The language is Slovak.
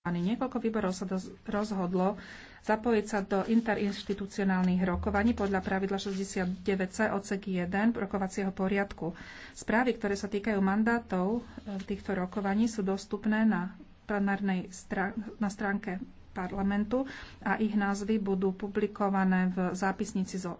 Niekoľko výborov sa rozhodlo zapojiť sa do interinstitucionálnych rokovaní podľa pravidla 69c odsek 1 rokovacieho poriadku. Správy, ktoré sa týkajú mandátov e, týchto rokovaní, sú dostupné na plenárnej strán- na stránke parlamentu a ich názvy budú publikované v zápisnici zo